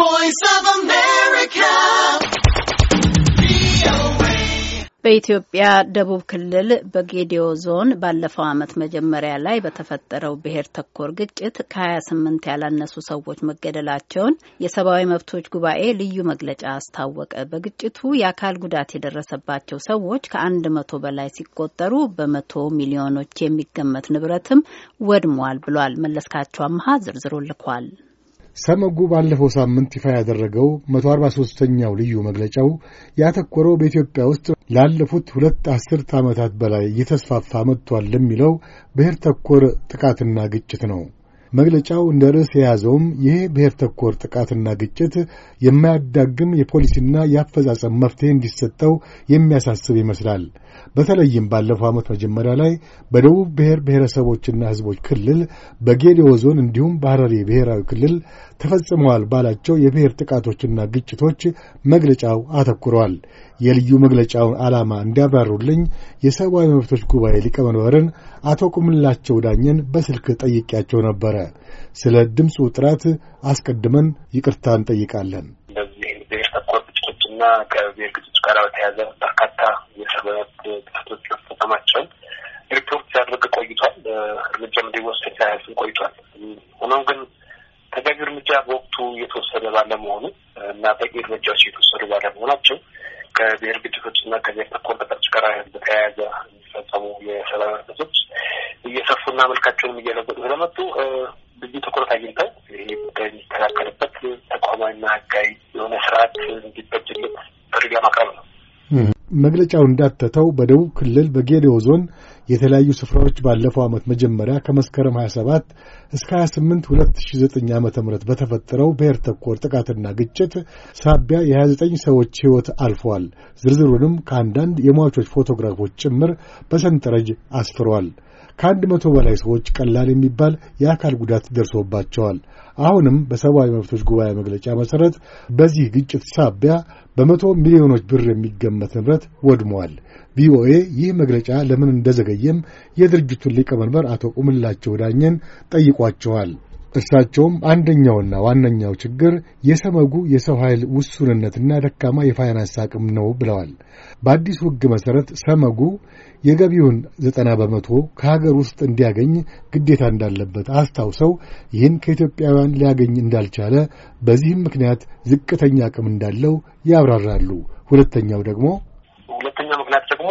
voice በኢትዮጵያ ደቡብ ክልል በጌዲዮ ዞን ባለፈው ዓመት መጀመሪያ ላይ በተፈጠረው ብሔር ተኮር ግጭት ከ28 ያላነሱ ሰዎች መገደላቸውን የሰብአዊ መብቶች ጉባኤ ልዩ መግለጫ አስታወቀ። በግጭቱ የአካል ጉዳት የደረሰባቸው ሰዎች ከአንድ መቶ በላይ ሲቆጠሩ በመቶ ሚሊዮኖች የሚገመት ንብረትም ወድሟል ብሏል። መለስካቸው አምሃ ዝርዝሩ ልኳል። ሰመጉ ባለፈው ሳምንት ይፋ ያደረገው 143ኛው ልዩ መግለጫው ያተኮረው በኢትዮጵያ ውስጥ ላለፉት ሁለት አስርት ዓመታት በላይ እየተስፋፋ መጥቷል ለሚለው ብሔር ተኮር ጥቃትና ግጭት ነው መግለጫው እንደ ርዕስ የያዘውም ይሄ ብሔር ተኮር ጥቃትና ግጭት የማያዳግም የፖሊሲና የአፈጻጸም መፍትሄ እንዲሰጠው የሚያሳስብ ይመስላል። በተለይም ባለፈው ዓመት መጀመሪያ ላይ በደቡብ ብሔር ብሔረሰቦችና ሕዝቦች ክልል በጌዲዮ ዞን እንዲሁም በሐረሪ ብሔራዊ ክልል ተፈጽመዋል ባላቸው የብሔር ጥቃቶችና ግጭቶች መግለጫው አተኩረዋል። የልዩ መግለጫውን ዓላማ እንዲያብራሩልኝ የሰብአዊ መብቶች ጉባኤ ሊቀመንበርን አቶ ቁምላቸው ዳኘን በስልክ ጠይቄያቸው ነበረ። ነበረ። ስለ ድምፁ ጥራት አስቀድመን ይቅርታ እንጠይቃለን። እና ከብሔር ግጭቶች ጋር በተያያዘ በርካታ የሰብአዊ መብት ጥሰቶች መፈጸማቸውን ሪፖርት ሲያደርግ ቆይቷል። እርምጃም እንዲወሰድ ሳያስብ ቆይቷል። ሆኖም ግን ተገቢ እርምጃ በወቅቱ እየተወሰደ ባለመሆኑ እና በቂ እርምጃዎች እየተወሰዱ ባለመሆናቸው ከብሔር ግጭቶች እና ከብሔር ተኮር ጥቃቶች ጋር በተያያዘ የሚፈጸሙ የሰብአዊ መብቶች መልካቸውንም እየለበጡ ስለመጡ ብዙ ትኩረት አግኝተው ይህ ጉዳይ የሚስተካከልበት ተቋማዊና ህጋዊ የሆነ ስርዓት እንዲበጅለት ፍርጋ ማቅረብ ነው። መግለጫው እንዳተተው በደቡብ ክልል በጌዴኦ ዞን የተለያዩ ስፍራዎች ባለፈው ዓመት መጀመሪያ ከመስከረም 27 እስከ 28 2009 ዓ ም በተፈጠረው ብሔር ተኮር ጥቃትና ግጭት ሳቢያ የ29 ሰዎች ሕይወት አልፏል። ዝርዝሩንም ከአንዳንድ የሟቾች ፎቶግራፎች ጭምር በሰንጠረዥ አስፍሯል። ከአንድ መቶ በላይ ሰዎች ቀላል የሚባል የአካል ጉዳት ደርሶባቸዋል። አሁንም በሰብአዊ መብቶች ጉባኤ መግለጫ መሠረት በዚህ ግጭት ሳቢያ በመቶ ሚሊዮኖች ብር የሚገመት ንብረት ወድሟል። ቪኦኤ ይህ መግለጫ ለምን እንደዘገየም የድርጅቱን ሊቀመንበር አቶ ቁምላቸው ዳኘን ጠይቋቸዋል። እሳቸውም አንደኛውና ዋነኛው ችግር የሰመጉ የሰው ኃይል ውሱንነትና ደካማ የፋይናንስ አቅም ነው ብለዋል። በአዲሱ ሕግ መሠረት ሰመጉ የገቢውን ዘጠና በመቶ ከሀገር ውስጥ እንዲያገኝ ግዴታ እንዳለበት አስታውሰው ይህን ከኢትዮጵያውያን ሊያገኝ እንዳልቻለ፣ በዚህም ምክንያት ዝቅተኛ አቅም እንዳለው ያብራራሉ። ሁለተኛው ደግሞ ሁለተኛው ምክንያት ደግሞ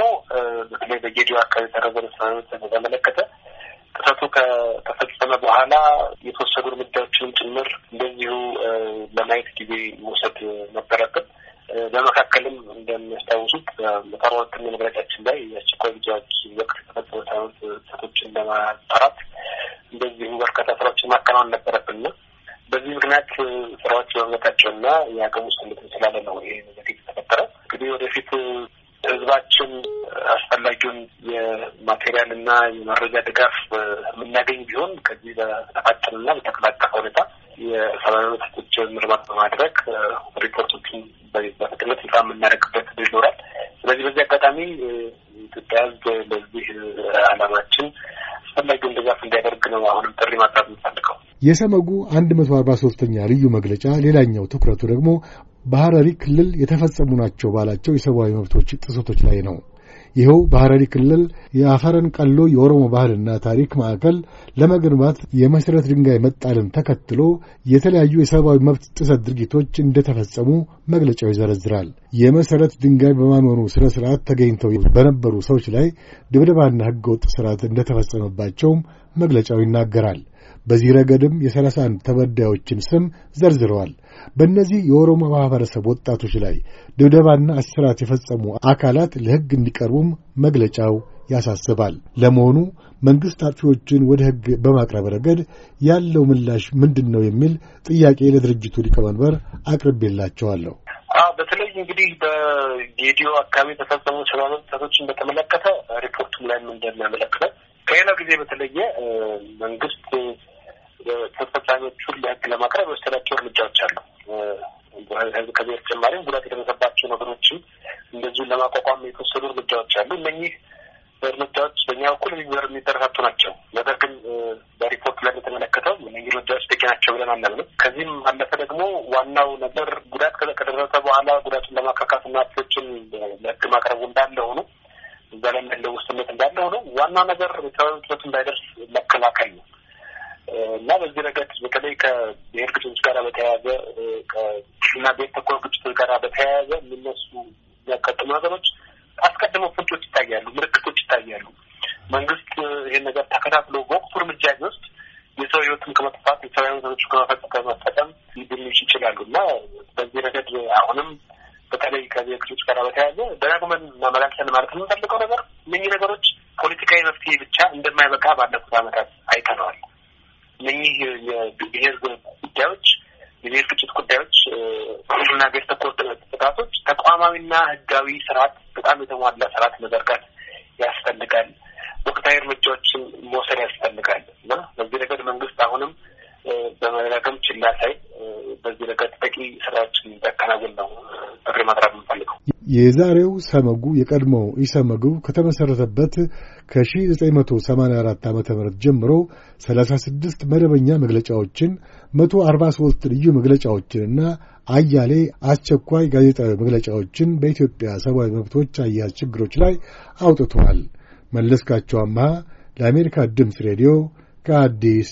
በተለይ በጌዲዮ አካባቢ ተረዘረ በተመለከተ ጥሰቱ ከተፈጸመ በኋላ የተወሰዱ እርምጃዎችንም ጭምር እንደዚሁ ለማየት ጊዜ መውሰድ ነበረብን። በመካከልም እንደሚያስታውሱት በመጠሮ ወቅት መግለጫችን ላይ የአስቸኳይ ጊዜ አዋጅ ወቅት የተፈጸሙ ሳይሆን ጥሰቶችን ለማጣራት እንደዚሁ በርካታ ስራዎችን ማከናወን ነበረብን ነው በዚህ ምክንያት ስራዎች በመመታቸውና የአቅም ውስጥ ምትን ስላለ ነው ይሄ ነገር የተፈጠረ እንግዲህ ወደፊት ህዝባችን አስፈላጊውን የማቴሪያል እና የመረጃ ድጋፍ የምናገኝ ቢሆን ከዚህ በተፋጠንና በተቀላቀፈ ሁኔታ የሰብአዊ መብቶች ምርመራ በማድረግ ሪፖርቶችን በፍጥነት ይፋ የምናደርግበት ይኖራል። ስለዚህ በዚህ አጋጣሚ ኢትዮጵያ ህዝብ ለዚህ አላማችን አስፈላጊውን ድጋፍ እንዲያደርግ ነው አሁንም ጥሪ ማቅረብ የሰመጉ 143ኛ ልዩ መግለጫ ሌላኛው ትኩረቱ ደግሞ በሐረሪ ክልል የተፈጸሙ ናቸው ባላቸው የሰብአዊ መብቶች ጥሰቶች ላይ ነው። ይኸው በሐረሪ ክልል የአፈረን ቀሎ የኦሮሞ ባህልና ታሪክ ማዕከል ለመገንባት የመሠረት ድንጋይ መጣልን ተከትሎ የተለያዩ የሰብአዊ መብት ጥሰት ድርጊቶች እንደተፈጸሙ መግለጫው ይዘረዝራል። የመሠረት ድንጋይ በማኖሩ ሥነ ሥርዓት ተገኝተው በነበሩ ሰዎች ላይ ድብደባና ሕገወጥ ሥርዓት እንደተፈጸመባቸውም መግለጫው ይናገራል። በዚህ ረገድም የሰላሳ አንድ ተበዳዮችን ስም ዘርዝረዋል። በእነዚህ የኦሮሞ ማኅበረሰብ ወጣቶች ላይ ድብደባና እስራት የፈጸሙ አካላት ለሕግ እንዲቀርቡም መግለጫው ያሳስባል። ለመሆኑ መንግሥት አጥፊዎችን ወደ ሕግ በማቅረብ ረገድ ያለው ምላሽ ምንድን ነው የሚል ጥያቄ ለድርጅቱ ሊቀመንበር አቅርቤላቸዋለሁ። በተለይ እንግዲህ በጌዲዮ አካባቢ የተፈጸሙ ሰብዓዊ ጥሰቶችን በተመለከተ ሪፖርቱም ላይም እንደሚያመለክተው ከሌላው ጊዜ በተለየ መንግስት ተፈጻሚዎቹን ለህግ ለማቅረብ የወሰዳቸው እርምጃዎች አሉ። ህዝብ ከዚህ በተጨማሪም ጉዳት የደረሰባቸው ነገሮችም እንደዚሁን ለማቋቋም የተወሰዱ እርምጃዎች አሉ። እነኚህ እርምጃዎች በእኛ በኩል የሚበረታቱ ናቸው። ነገር ግን በሪፖርት ላይ የተመለከተው እነዚህ እርምጃዎች በቂ ናቸው ብለን አናምንም። ከዚህም አለፈ ደግሞ ዋናው ነገር ጉዳት ከደረሰ በኋላ ጉዳቱን ለማካካት እና ቶችን ለህግ ማቅረቡ እንዳለ ሆኖ እዛ ላይ ያለው ውስንነት እንዳለ ሆኖ ዋናው ነገር ቤተሰብ እንዳይደርስ መከላከል ነው እና በዚህ ረገድ በተለይ ከብሔር ግጭቶች ጋር በተያያዘ እና ቤት ተኮር ግጭቶች ጋር በተያያዘ የሚነሱ የሚያጋጥሙ ነገሮች አስቀድሞ ፍንጮች ይታያሉ፣ ምልክቶች ይታያሉ። መንግስት ይህን ነገር ተከታትሎ በወቅቱ እርምጃ ቢወስድ የሰው ህይወትም ከመጥፋት የሰው ህይወቶች ከመፈጠ ከመጠቀም ሊድኑ ይችላሉ እና በዚህ ረገድ አሁንም በተለይ ከዚህ ክሶች ጋር በተያያዘ ደጋግመን ማመላከን ማለት የምንፈልገው ነገር እነኚህ ነገሮች ፖለቲካዊ መፍትሄ ብቻ እንደማይበቃ ባለፉት ዓመታት አይተነዋል። እነኚህ የብሄር ጉዳዮች፣ የብሄር ግጭት ጉዳዮች ሁሉና ብሔር ተኮር ጥቃቶች ተቋማዊና ህጋዊ ስርዓት በጣም የተሟላ ስርዓት መዘርጋት ያስፈልጋል። ወቅታዊ እርምጃዎችን መውሰድ ያስፈልጋል እና በዚህ ረገድ መንግስት አሁንም በመረጋገም ችላ ሳይ በዚህ ረገድ በቂ ስራዎችን እንዲያከናውን ነው ጥሪ ማቅረብ የምፈልገው። የዛሬው ሰመጉ የቀድሞው ኢሰመጉ ከተመሰረተበት ከ1984 ዓ ም ጀምሮ 36 መደበኛ መግለጫዎችን 143 ልዩ መግለጫዎችንና አያሌ አስቸኳይ ጋዜጣዊ መግለጫዎችን በኢትዮጵያ ሰብአዊ መብቶች አያያዝ ችግሮች ላይ አውጥቷል። መለስካቸው አምሃ ለአሜሪካ ድምፅ ሬዲዮ ከአዲስ